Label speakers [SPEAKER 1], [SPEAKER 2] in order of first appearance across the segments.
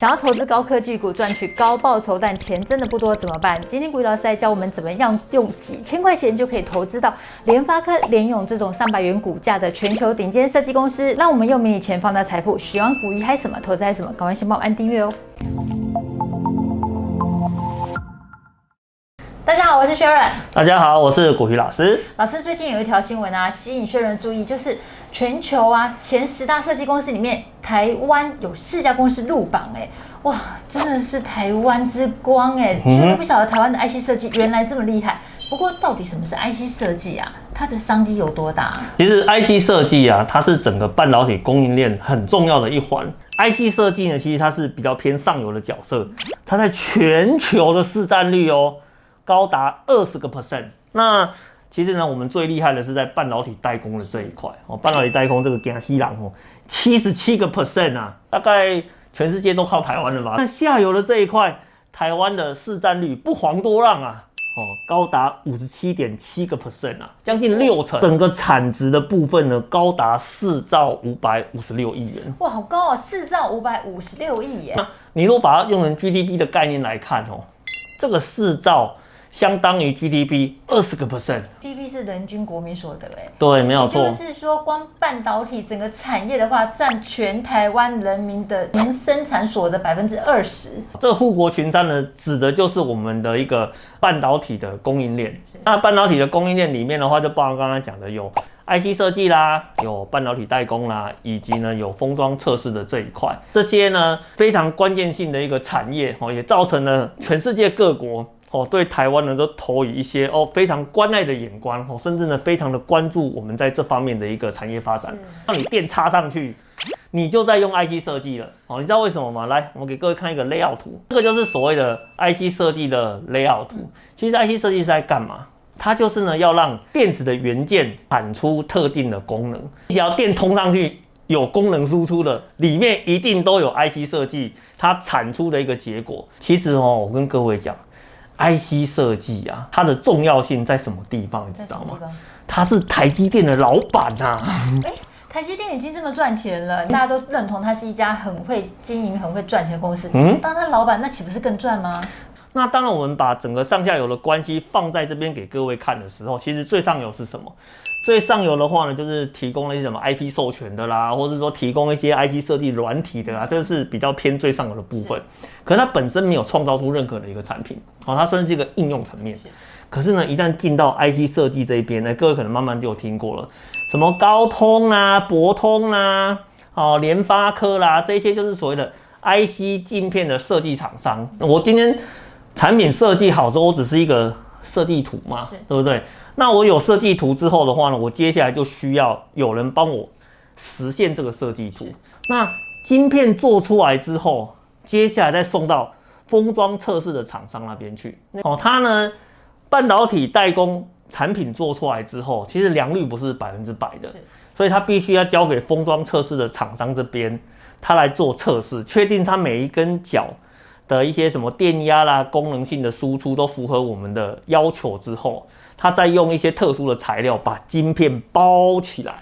[SPEAKER 1] 想要投資高科技股賺取高報酬，但錢真的不多怎麼辦？今天古雨老師來教我們怎麼樣用幾千塊錢就可以投資到聯發科、聯永這種上百元股價的全球頂尖設計公司。讓我們用迷你錢放大財富，喜歡古雨還什麼投是什麼？趕快先幫我按訂閱哦！大家好，我是薛仁。
[SPEAKER 2] 大家好，我是古雨老師。
[SPEAKER 1] 老師最近有一條新聞啊，吸引薛仁注意，就是。全球啊，前十大設計公司裡面，台灣有四家公司入榜，哎、欸，哇，真的是台灣之光，哎、欸嗯！居然都不曉得台灣的 IC 設計原來這麼厲害。不過，到底什麼是 IC 設計啊？它的商機有多大
[SPEAKER 2] 啊？其實 IC 設計啊，它是整個半導體供應鏈很重要的一環。IC 設計呢，其實它是比較偏上游的角色，它在全球的市占率哦，高達二十個 percent。那其實呢，我們最厲害的是在半導體代工的這一塊哦。半導體代工這個驚死人哦，七十七個 percent 啊，大概全世界都靠台灣了吧？那下游的這一塊，台灣的市占率不遑多讓啊，哦，高達五十七點七個 percent 啊，將近六成。整個產值的部分呢，高達四兆五百五十六億元。
[SPEAKER 1] 哇，好高啊、哦，四兆五百五十六億耶。那
[SPEAKER 2] 你如果把它用成 GDP 的概念來看哦，這個四兆。相當於 GDP 二十個 percent，GDP
[SPEAKER 1] 是人均國民所得哎，
[SPEAKER 2] 對，沒有錯。就
[SPEAKER 1] 是說，光半導體整個產業的話，佔全台灣人民的年生產所得的百分之二十。
[SPEAKER 2] 這護國群山呢，指的就是我們的一個半導體的供應鏈。那半導體的供應鏈裡面的話，就包含剛才講的有 IC 設計啦，有半導體代工啦，以及呢有封裝測試的這一塊。這些呢非常關鍵性的一個產業哦，也造成了全世界各國。哦，對台灣人都投以一些哦非常關愛的眼光哦，甚至呢，非常的關注我們在這方面的一個產業發展。讓你電插上去，你就在用 IC 設計了哦。你知道為什麼嗎？來，我給各位看一個 Layout 圖，這個就是所謂的 IC 設計的 Layout 圖。其實 IC 設計是在幹嘛？它就是呢要讓電子的元件產出特定的功能。你只要電通上去有功能輸出的，裡面一定都有 IC 設計它產出的一個結果。其實哦，我跟各位講。IC 設計啊，它的重要性在什麼地方，你知道嗎？它是台積電的老闆啊，欸。
[SPEAKER 1] 台積電已經這麼賺錢了，大家都認同它是一家很會經營、很會賺錢的公司。嗯，當他老闆，那豈不是更賺嗎？
[SPEAKER 2] 那當然，我們把整個上下游的關係放在這邊給各位看的時候，其實最上游是什麼？最上游的話呢，就是提供了一些什麼 IP 授權的啦，或者說提供一些 IC 設計軟體的啦，這、就、個是比較偏最上游的部分。可是它本身沒有創造出任何的一個產品，好、哦，它甚至是這個應用層面。可是呢，一旦進到 IC 設計這一邊呢，各位可能慢慢就有聽過了，什麼高通啦、啊、博通啦、啊、好、哦、聯發科啦，這些就是所謂的 IC 晶片的設計廠商。我今天產品設計好之後，我只是一個。設計圖嘛，對不對？那我有設計圖之後的話呢，我接下來就需要有人幫我實現這個設計圖。那晶片做出來之後，接下來再送到封裝測試的廠商那邊去。哦，它呢，半導體代工產品做出來之後，其實良率不是百分之百的，所以它必須要交給封裝測試的廠商這邊，它來做測試，確定它每一根腳。的一些什麼電壓啦、功能性的輸出都符合我們的要求之後，他再用一些特殊的材料把晶片包起來。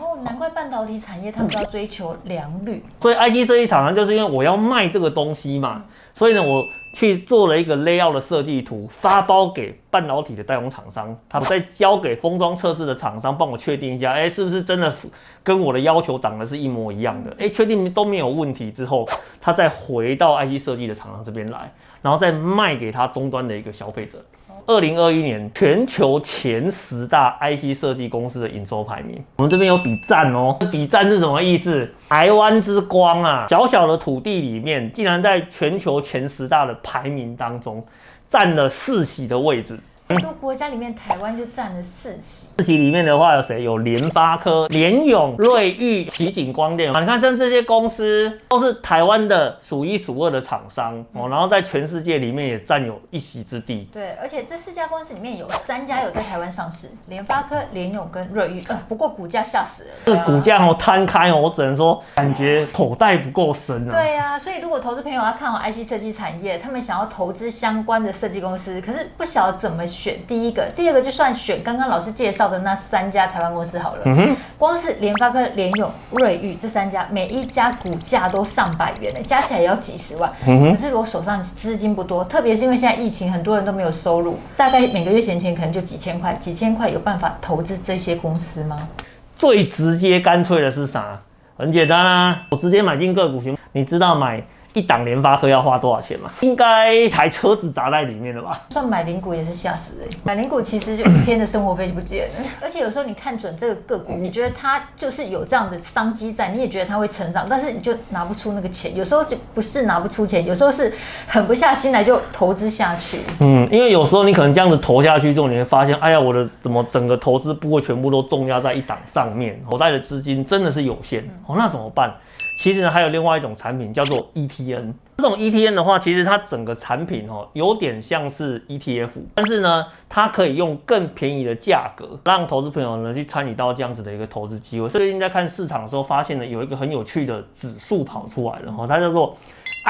[SPEAKER 1] 哦，難怪半導體產業他們都要追求良率。
[SPEAKER 2] 所以，IC 設計廠商就是因為我要賣這個東西嘛，所以呢，我去做了一個 layout 的設計圖，發包給半導體的代工廠商，他再交給封裝測試的廠商幫我確定一下，哎，是不是真的跟我的要求長得是一模一樣的？哎，確定都沒有問題之後，他再回到 IC 設計的廠商這邊來，然後再賣給他終端的一個消費者。二零二一年全球前十大 IC 設計公司的營收排名，我們這邊有比讚哦，比讚是什麼意思？台灣之光啊，小小的土地裡面，竟然在全球前十大的排名當中，占了四席的位置。很
[SPEAKER 1] 多國家裡面，台灣就佔了四席。
[SPEAKER 2] 四席裡面的話有，有誰？有聯發科、聯詠、瑞昱、奇景光電啊。你看，像這些公司都是台灣的數一數二的廠商哦、喔，然後在全世界裡面也佔有一席之地。
[SPEAKER 1] 對，而且這四家公司裡面有三家有在台灣上市：聯發科、聯詠跟瑞昱。呃，不過股價嚇死了，這、啊就是、股
[SPEAKER 2] 價哦攤開哦、喔，我只能說感覺口袋不夠深啊。對
[SPEAKER 1] 啊，所以如果投資朋友要看好 IC 設計產業，他們想要投資相關的設計公司，可是不曉得怎麼。選第一個，第二個就算選剛剛老師介紹的那三家台灣公司好了。嗯哼。光是聯發科、聯詠、瑞昱這三家，每一家股價都上百元誒，加起來也要幾十萬。嗯哼。可是我手上資金不多，特別是因為現在疫情，很多人都沒有收入，大概每個月閒錢可能就幾千塊，幾千塊有辦法投資這些公司嗎？
[SPEAKER 2] 最直接乾脆的是啥？很簡單啊，我直接買進個股型。你知道買？一檔聯發科要花多少錢嘛？應該台車子砸在裡面的吧？
[SPEAKER 1] 算買零股也是嚇死人、欸。買零股其實就有一天的生活費就不見了。 而且有時候你看準這個個股，你覺得它就是有這樣的商機在，你也覺得它會成長，但是你就拿不出那個錢。有時候就不是拿不出錢，有時候是狠不下心來就投資下去。
[SPEAKER 2] 嗯，因為有時候你可能這樣子投下去之後，你會發現，哎呀，我的怎麼整個投資部位全部都重壓在一檔上面？我帶的資金真的是有限、嗯、哦，那怎麼辦？其實呢，還有另外一種產品叫做 ETN。這種 ETN 的話，其實它整個產品哦，有點像是 ETF，但是呢，它可以用更便宜的價格讓投資朋友呢去參與到這樣子的一個投資機會。最近在看市場的時候，發現呢，有一個很有趣的指數跑出來了，哈，它叫做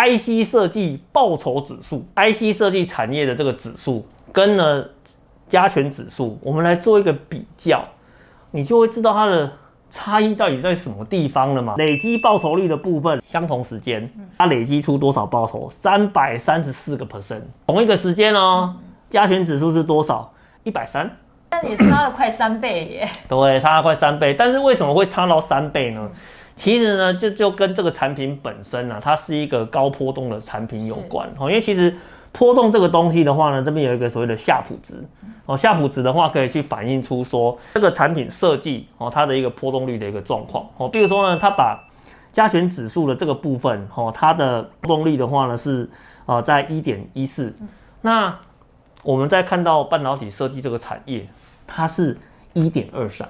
[SPEAKER 2] IC 設計報酬指數，IC 設計產業的這個指數跟呢加權指數，我們來做一個比較，你就會知道它的。差異到底在什麼地方了嗎？累積報酬率的部分，相同時間，它、嗯啊、累積出多少報酬？三百三十四個 percent，同一個時間哦，加、嗯、權指數是多少？
[SPEAKER 1] 一百三，但也差了快三倍耶！
[SPEAKER 2] 對，差了快三倍。但是為什麼會差到三倍呢、嗯？其實呢，就就跟這個產品本身呢、啊，它是一個高波動的產品有關。因為其實。波動這個東西的話呢，這邊有一個所謂的夏普值，哦，夏普值的話可以去反映出說這個產品設計，哦，它的一個波動率的一個狀況，哦，比如說呢，它把加權指數的這個部分，哦，它的波動率的話呢是啊、哦、在一點一四，那我們再看到半導體設計這個產業，它是一點二三，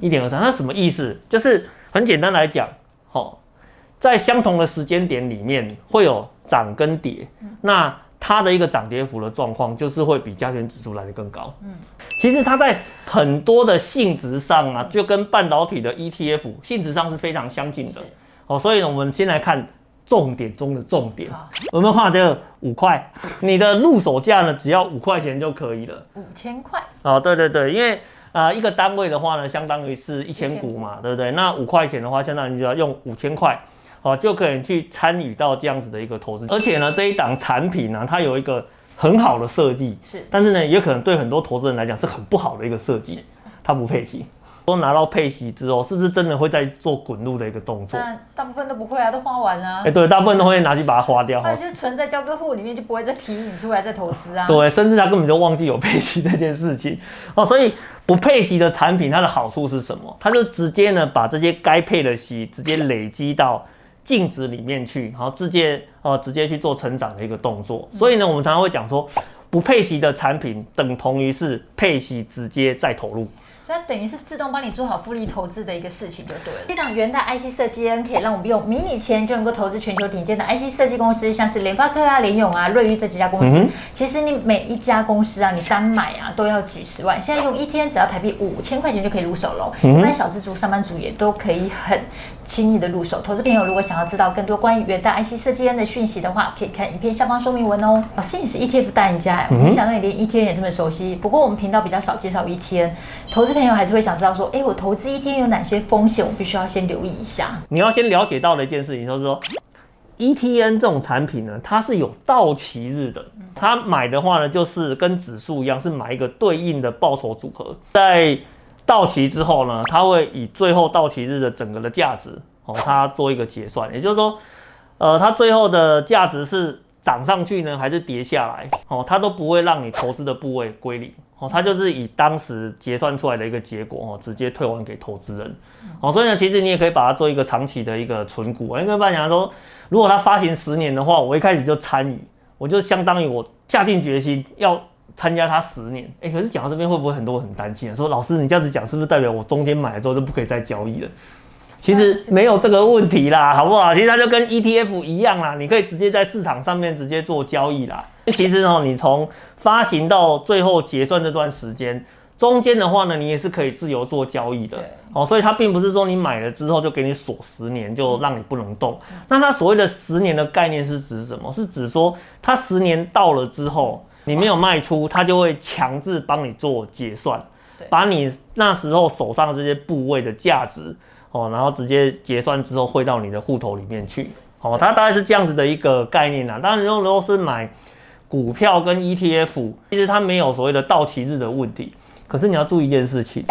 [SPEAKER 2] 一點二三，那什麼意思？就是很簡單來講，好、哦，在相同的時間點裡面會有漲跟跌，那。它的一個漲跌幅的狀況，就是會比加權指數來得更高。嗯，其實它在很多的性質上啊，就跟半導體的 ETF 性質上是非常相近的。好，所以呢，我們先來看重點中的重點。我們畫這個五塊，你的入手價呢，只要五塊錢就可以
[SPEAKER 1] 了。
[SPEAKER 2] 五千塊啊？對對對，因為啊、呃，一個單位的話呢，相當於是一千股嘛，對不對？那五塊錢的話，相當於就要用五千塊。啊、就可以去參與到這樣子的一個投資，而且呢，這一檔產品呢、啊，它有一個很好的設計，是，但是呢，也可能對很多投資人來講是很不好的一個設計，它不配息。都拿到配息之後，是不是真的會再做滾入的一個動作？大部
[SPEAKER 1] 分都不會啊，都花完了。哎、欸，
[SPEAKER 2] 對，大部分都會拿去把它花掉。它就是
[SPEAKER 1] 存在交割戶裡面，就不會再提取出來再投資啊、啊。對，
[SPEAKER 2] 甚至他根本就忘記有配息這件事情。哦、啊，所以不配息的產品，它的好處是什麼？它就直接呢，把這些該配的息直接累積到淨值裡面去，然後直接啊、呃，直接去做成長的一個動作、嗯。所以呢，我們常常會講說，不配息的產品等同於是配息直接再投入，
[SPEAKER 1] 所以它等於是自動幫你做好複利投資的一個事情就對了。這檔元大 IC 設計 N 可以讓我們用迷你錢就能夠投資全球頂尖的 IC 設計公司，像是聯發科啊、聯詠啊、瑞昱這幾家公司、嗯。其實你每一家公司啊，你單買啊都要幾十萬，現在用一天只要台幣五千塊錢就可以入手了，一般小資族、上班族也都可以很輕易的入手，投資朋友如果想要知道更多關於元大 IC 設計 N 的訊息的話，可以看影片下方說明文哦。老師，你是 ETF 大贏家，沒想到你連 ETN 也這麼熟悉。不過我們頻道比較少介紹 ETN，投資朋友還是會想知道說，欸，我投資 ETN 有哪些風險？我必須要先留意一下。
[SPEAKER 2] 你要先了解到的一件事情就是說，ETN 這種產品呢，它是有到期日的。它買的話呢，就是跟指數一樣，是買一個對應的報酬組合，在。到期之後呢，它會以最後到期日的整個的價值哦，它做一個結算，也就是說，呃，它最後的價值是漲上去呢，還是跌下來哦，它都不會讓你投資的部位歸零哦，它就是以當時結算出來的一個結果哦，直接退還給投資人哦，所以呢，其實你也可以把它做一個長期的一個存股。我為大家說，如果它發行十年的話，我一開始就參與，我就相當於我下定決心要。參加它十年，誒、欸，可是講到這邊會不會很多人很擔心啊？說老師，你這樣子講是不是代表我中間買了之後就不可以再交易了？其實沒有這個問題啦，好不好？其實它就跟 ETF 一樣啦，你可以直接在市場上面直接做交易啦。其實哦、喔，你從發行到最後結算這段時間，中間的話呢，你也是可以自由做交易的哦、喔。所以它並不是說你買了之後就給你鎖十年，就讓你不能動。那它所謂的十年的概念是指什麼？是指說它十年到了之後。你沒有賣出，他就會強制幫你做結算，把你那時候手上這些部位的價值哦，然後直接結算之後匯到你的戶頭裡面去。哦，它大概是這樣子的一個概念吶。當然，如果如果是買股票跟 ETF，其實它沒有所謂的到期日的問題。可是你要注意一件事情。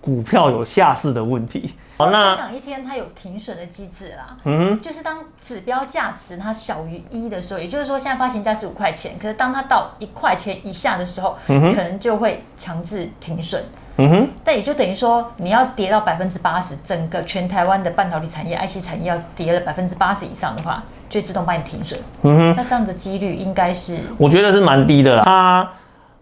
[SPEAKER 2] 股票有下市的問題。好，那香港
[SPEAKER 1] 一天它有停損的機制啦。嗯，就是當指標價值它小於一的時候，也就是說現在發行價是五塊錢，可是當它到一塊錢以下的時候，可能就會強制停損。嗯。嗯哼，但也就等於說，你要跌到百分之八十，整個全台灣的半導體產業、IC 產業要跌了百分之八十以上的話，就自動幫你停損。嗯
[SPEAKER 2] 哼，那這
[SPEAKER 1] 樣的幾率應該是？
[SPEAKER 2] 我覺得是蠻低的啦。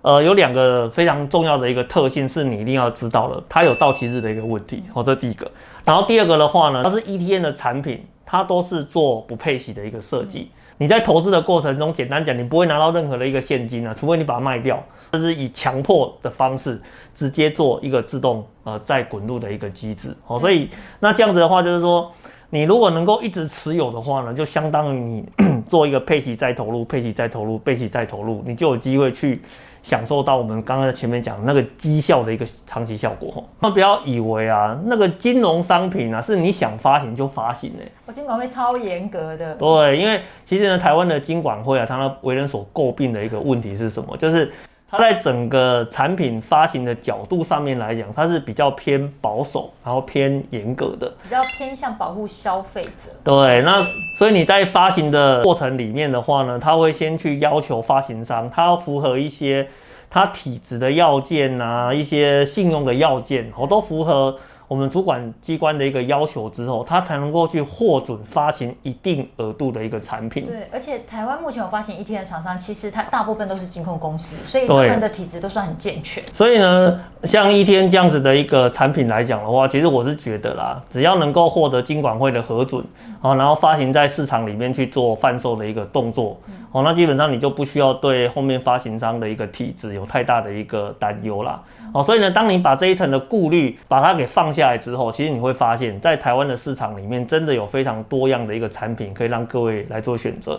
[SPEAKER 2] 呃，有兩個非常重要的一個特性是你一定要知道的。它有到期日的一個問題，好、哦，這第一個。然後第二個的話呢，它是 ETN 的產品，它都是做不配息的一個設計、嗯。你在投資的過程中，簡單講，你不會拿到任何的一個現金啊，除非你把它賣掉，就是以強迫的方式直接做一個自動呃再滾入的一個機制。好、哦，所以那這樣子的話，就是說你如果能夠一直持有的話呢，就相當於你 做一個配息再投入，配息再投入，配息再投入，你就有機會去。享受到我們剛剛在前面講的那個績效的一個長期效果、哦。那不要以為啊，那個金融商品啊，是你想發行就發行的。
[SPEAKER 1] 我金管會超嚴格的。
[SPEAKER 2] 對，因為其實呢，台灣的金管會啊，他們為人所詬病的一個問題是什麼？就是。它在整個產品發行的角度上面來講，它是比較偏保守，然後偏嚴格的，
[SPEAKER 1] 比較偏向保護消費者。
[SPEAKER 2] 對，那所以你在發行的過程裡面的話呢，它會先去要求發行商，它要符合一些它體質的要件啊，一些信用的要件，好都符合。我們主管機關的一個要求之後，他才能夠去獲準發行一定額度的一個產品。對，
[SPEAKER 1] 而且台灣目前有發行 ETN 的廠商，其實它大部分都是金控公司，所以他們的體質都算很健全。
[SPEAKER 2] 所以呢，像 ETN 這樣子的一個產品來講的話，其實我是覺得啦，只要能夠獲得金管會的核准，好，然後發行在市場裡面去做販售的一個動作。哦，那基本上你就不需要對後面發行商的一個體質有太大的一個擔憂啦。哦，所以呢，當你把這一層的顧慮把它給放下來之後，其實你會發現在台灣的市場裡面，真的有非常多樣的一個產品可以讓各位來做選擇。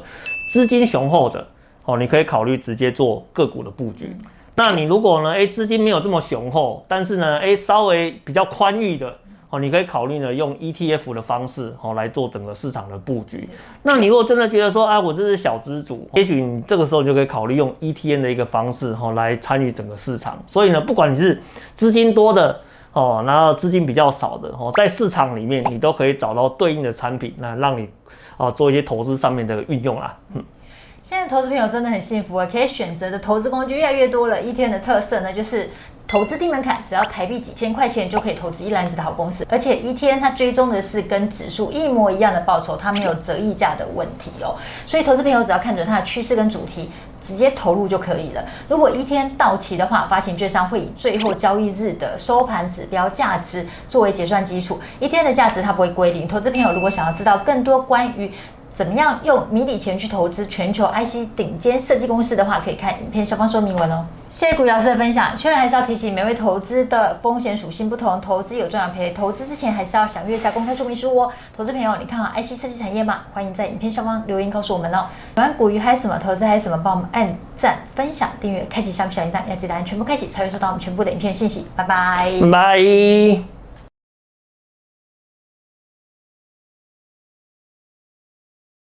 [SPEAKER 2] 資金雄厚的，哦，你可以考慮直接做個股的布局。那你如果呢，誒，資金沒有這麼雄厚，但是呢，誒，稍微比較寬裕的。哦，你可以考慮呢用 ETF 的方式哦來做整個市場的布局。那你如果真的覺得說啊，我這是小資族、哦，也許你這個時候就可以考慮用 ETN 的一個方式哦來參與整個市場。所以呢，不管你是資金多的哦，然後資金比較少的哦，在市場裡面你都可以找到對應的產品，那讓你、哦、做一些投資上面的運用啊、嗯。
[SPEAKER 1] 現在投資朋友真的很幸福啊，可以選擇的投資工具越來越多了。ETN 的特色呢，就是。投資低門檻，只要台幣幾千塊錢就可以投資一籃子的好公司，而且 ETN 它追蹤的是跟指數一模一樣的報酬，它沒有折溢價的問題哦、喔。所以投資朋友只要看準它的趨勢跟主題，直接投入就可以了。如果 ETN 到期的話，發行券商會以最後交易日的收盤指標價值作為結算基礎，ETN 的價值它不會歸零。投資朋友如果想要知道更多關於怎麼樣用迷你錢去投資全球 IC 頂尖設計公司的話，可以看影片下方說明文哦、喔。謝謝股魚老師的分享。確認還是要提醒，每位投資的風險屬性不同，投資有賺有賠，投資之前還是要詳閱一下公開說明書哦。投資朋友，你看好 IC 設計產業嗎？歡迎在影片下方留言告訴我們哦。喜歡股魚嗨什麼投資嗨什麼，幫我們按讚、分享、訂閱，開啟小屏小鈴鐺，要記得按全部開啟才會收到我們全部的影片的信息。拜拜，拜。